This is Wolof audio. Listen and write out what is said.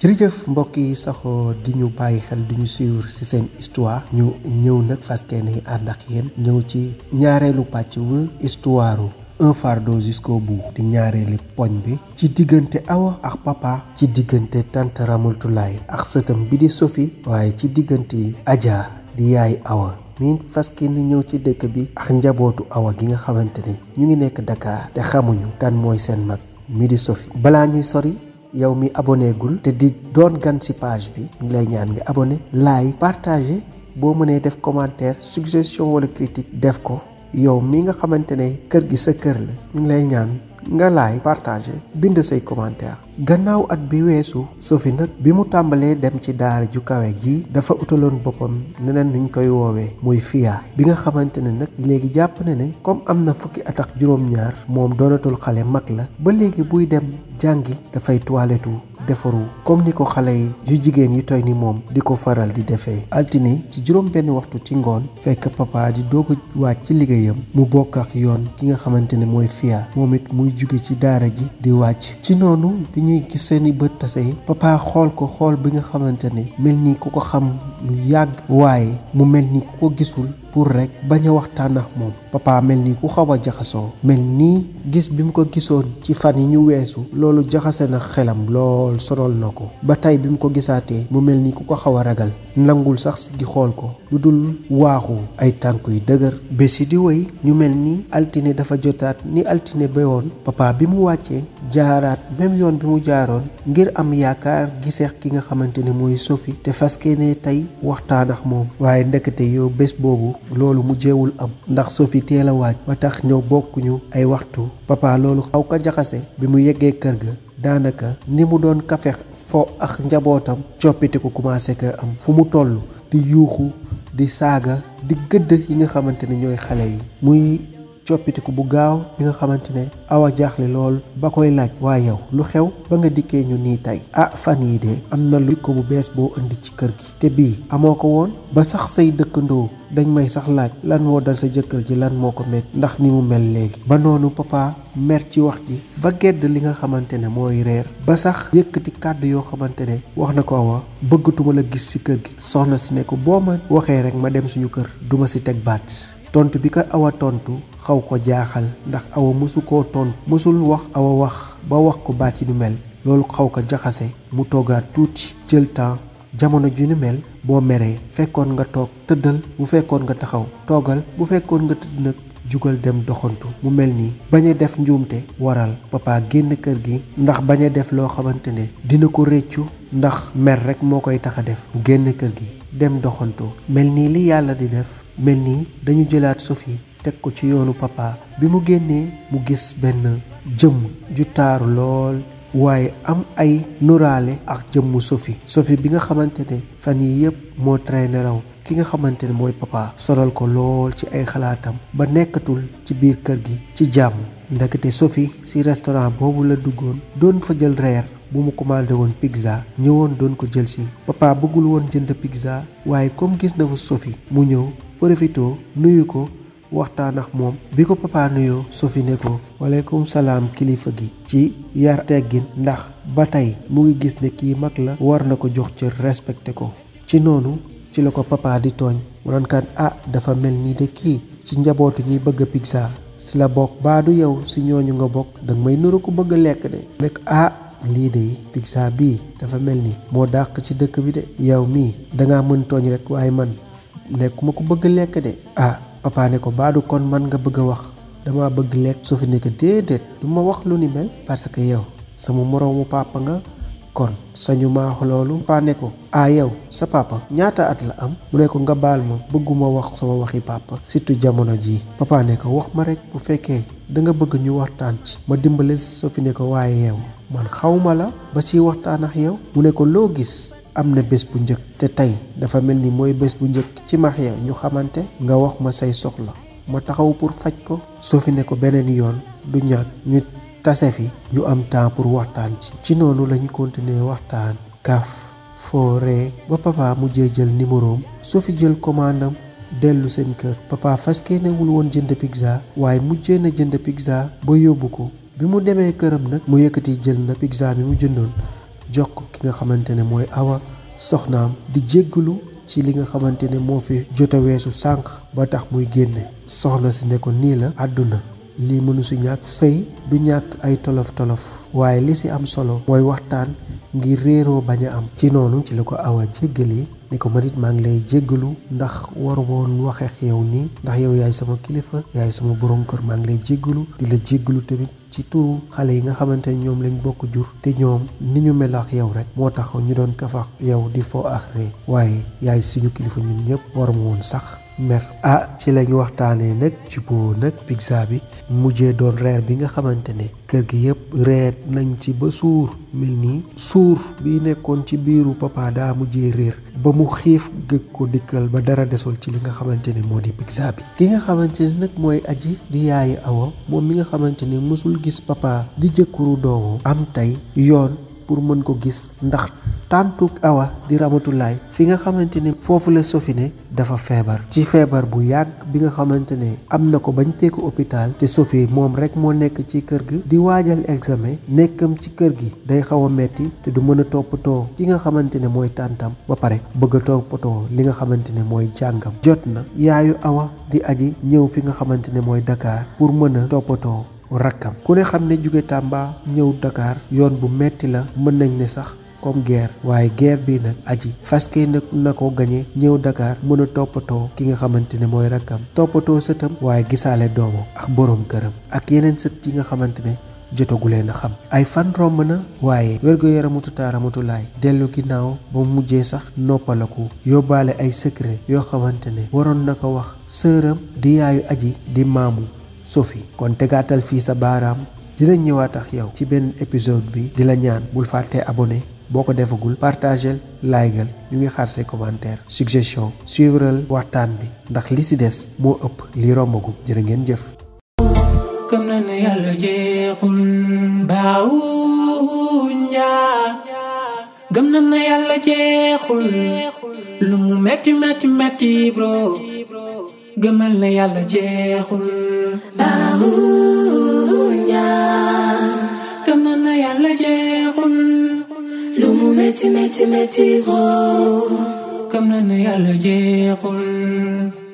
jërëjëf mbokk yi saxoo di ñu bàyyi xel di ñu suivre ci seen histoire ñu ñëw nag faskee ni ànd ak ci ñaareelu pàcc wu histoire un fardeau jusqu'au di ñaareeli poñ bi ci diggante Awa ak papa ci diggante tante Ramatoulaye ak sëtam bi di sofi waaye ci diggante Adja di yaay Awa mi faski ñëw ci dëkk bi ak njabootu Awa gi nga xamante ni ñu ngi nekk Dakar te xamuñu kan mooy seen mag mi di Sophie balaa ñuy sori yow mi abonné te di doon gan ci page bi ñu lay ñaan ngi abonné laay partager boo mënee def commentaire suggestion wala critique def ko yow mi nga xamante ne kër gi sa kër la ñu lay ñaan nga laay bind say commentaire gannaaw at bi weesu Sophie nag bi mu tàmbalee dem ci daara ju kawe ji dafa utaloon boppam neneen nuñ koy woowee muy fiyaa bi nga xamante ne nag léegi jàpp na ne comme am na fukki at ak juróom-ñaar moom doonatul xale mag la ba léegi buy dem jàngi dafay toiletu defaru comme ni ko xale yi yu jigéen yi tooy ni moom di ko faral di defee altine ci juróom benn waxtu ci ngoon fekk papa di doo ko waaj ci liggéeyam mu bokk ak yoon ki nga xamante ne mooy Fia moom it muy jóge ci daara ji di wàcc ci noonu bi ñuy gis seeni bët tase papa xool ko xool bi nga xamante ne mel ni ku ko xam mu yàgg waaye mu mel ni ku ko gisul pour rek baña waxtaan papa melni ku xawa jaxaso melni gis bimko ko gisoon ci fan yi ñu wessu lolu jaxase na xelam lool sorol nako ba tay bim ko mu melni ku ko xawa ragal nangul sax di xol ko lu waxu ay tànk yu be ci di way ñu melni altine dafa jotaat ni altine bayon papa bi mu wàccee jaaraat même yoon bi mu ngir am yaakar gisex ki nga xamantene moy sophie sofi te faskene tay tey waxtaan ak ndekete yo bes bobu loolu mujjeewul am ndax Sophie teel a ba tax ñëw bokkuñu ay waxtu papa loolu xaw ko jaxase bi mu yeggee kër ga daanaka ni mu doon kafe fo ak njabootam coppite ko commencé ko am fu mu toll di yuuxu di saaga di gëdd yi nga xamante ni ñooy xale yi muy coppitiku bu gaaw bi nga xamante ne awa jaaxle lool ba koy laaj waa yow lu xew ba nga dikkee ñu nii tey ah fan yii de am na lu ko bu bees boo indi ci kër gi te bii amoo ko woon ba sax say dëkkandoo dañu may sax laaj lan moo dal sa jëkkër ji lan moo ko mett ndax ni mu mel léegi ba noonu papa mer ci wax ji ba gedd li nga xamante ne mooy reer ba sax yëkkati kàddu yoo xamante ne wax na ko awa bëggatuma la gis ci kër gi soxna si ne ko boo ma waxee rek ma dem suñu kër duma si teg baat tontu bi ko awa tontu xaw ko jaaxal ndax awa mosu koo tontu mësul wax awa wax ba wax ko baat yi nu mel loolu xaw ko jaxase mu toogaat tuuti jël temps jamono ji nu mel boo meree fekkoon nga toog tëddal bu fekkoon nga taxaw toogal bu fekkoon nga tëdd nag jugal dem doxantu mu mel ni bañ a def njuumte waral papa génn kër gi ndax bañ a def loo xamante ne dina ko réccu ndax mer rekk moo koy tax a def mu génn kër gi dem doxantu mel nii li yàlla di def mel nii dañu jëlaat sofi teg ko ci yoonu papa bi mu génnee mu gis benn jëmm ju taaru lool waaye am ay nuraale ak jëmmu sofi sofi bi nga xamante ne fan yii yëpp moo traîné nelaw ki nga xamante ne mooy papa solal ko lool ci ay xalaatam ba nekkatul ci biir kër gi ci jàmm ndekete sofi ci restaurant boobu la duggoon doon fa jël reer bu mu commandé woon pizza ñëwoon doon ko jël si papa bëggul woon jënd pizza waaye comme gis na fa sofi mu ñëw profito nuyu ko waxtaan ak moom bi papa nuyoo sofi ne ko waleykum salaam kilifa gi ci yar teggin ndax ba tey mu ngi gis ne kii mag la war na ko jox cër respecté ko ci noonu ci la ko papa di tooñ mu da kan ah dafa mel ni de kii ci njabootu bëgg pizza si la bokk baadu yow si ñooñu nga bokk dang may nuru ko bëgg lekk de nek ah Lidi, de pizza bi dafa melni mo dak ci dekk bi de mi da nga mën togn rek way man nekkuma ko bëgg lek de ah papa ne ko baadu kon man nga bëgg wax dama bëgg lek su fi nek dedet duma wax lu ni mel parce que yaw sama moroomu papa nga kon sañu maax loolu papa ne ko a yaw sa papa ñaata at la am mu ne ko nga bal ma bëgguma wax sama waxi papa situ jamono ji papa ne ko wax ma rek bu fekke da nga bëgg ñu waxtaan ci ma so fi ne ko waye yaw man xawma la ba ci waxtaan ak yow mu ne ko loo gis am na bés bu njëkk te tey dafa mel ni mooy bés bu njëkk ci max yow ñu xamante nga wax ma say soxla ma taxaw pour faj ko soo fi ne ko beneen yoon du ñàkk ñu tase fi ñu am temps pour waxtaan ci ci noonu lañ continuer waxtaan kaf fooree ba papa mujjee jël numéroom soo fi jël commandam dellu seen kër papa fas keenewul woon jënd pizza waaye mujjee na jënd pizza ba yóbbu ko bi mu demee këram nag mu yëkkati jël na pizza bi mu jëndoon jox ko ki nga xamante ne mooy awa soxnaam di jéggalu ci li nga xamante ne moo fi jote weesu sànq ba tax muy génne soxna si ne ko nii la àdduna lii mënu si ñàkk sëy du ñàkk ay tolof tolof waaye li si am solo mooy waxtaan ngir réeroo bañ a am ci noonu ci la ko awa yi ni ko manit maa ngi lay jéggalu ndax war woon waxee ak yow nii ndax yow yaay sama kilifa yaay sama borom kër maa ngi lay jéggalu di la jéggalu tamit ci turu xale yi nga xamante ne ñoom lañ bokk jur te ñoom ni ñu mel ak yow rek moo tax ñu doon kafax yow di fo ak ree waaye yaay suñu kilifa ñu ñëpp war woon sax mer ah ci lañ waxtaanee nag juboo nag pizza bi mujjee doon reer bi nga xamante ne kër gi yëpp reer nañ ci ba suur mel nii suur bi nekkoon ci biiru papa daa mujje réer ba mu xiif gëg ko dikkal ba dara desul ci li nga xamante ne moo di pizza bi ki nga xamante ne nag mooy aji di yaayi awo moom mi nga xamante ne mësul gis papa di jëkkuru doomam am tey yoon pour mën ko gis ndax tàntuk awa di ramatulaay fi nga xamante ne foofu la Sophie dafa feebar ci feebar bu yàgg bi nga xamante ne am na ko bañ teeku hôpital te sofi moom rek moo nekk ci kër gi di waajal examen nekkam ci kër gi day xaw a metti te du mën a toppatoo ki nga xamante ne mooy tàntam ba pare bëgg a toppatoo li nga xamante ne mooy jàngam jot na yaayu awa di aji ñëw fi nga xamante ne mooy dakaar pour mën a toppatoo rakkam ku ne xam ne jóge Tamba ñëw Dakar yoon bu metti la mën nañ ne sax comme guerre waaye guerre bi nag aji faskee nag na ko gañe ñëw Dakar mën a toppatoo ki nga xamante ne mooy rakkam toppatoo sëtam waaye gisaale doomam ak boroom këram ak yeneen sët yi nga xamante ne jotagu leen a xam ay fan romb na waaye wérgu yaramu tutaaramutulaay dellu ginnaaw ba mujjee sax noppalaku yóbbaale ay secret yoo xamante ne waroon na ko wax sëram di yaayu aji di maamu sofi kon tegaatal fii sa baaraam dina ñëwaat ak yow ci benn épisode bi di la ñaan bul fàtte abonné boo ko defagul partagel laagal ñu ngi xaar say commentaire suggestion suivral waxtaan bi ndax li si des moo ëpp li rombagum jërë ngeen jëf na ne yàlla jeexul na ne yàlla jeexul métti métti comme le nez à